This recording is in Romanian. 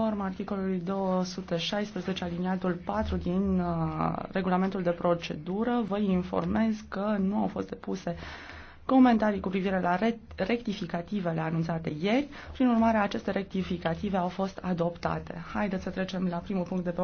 Conform articolului 216 aliniatul 4 din uh, regulamentul de procedură, vă informez că nu au fost depuse comentarii cu privire la rectificativele anunțate ieri. Prin urmare, aceste rectificative au fost adoptate. Haideți să trecem la primul punct de pe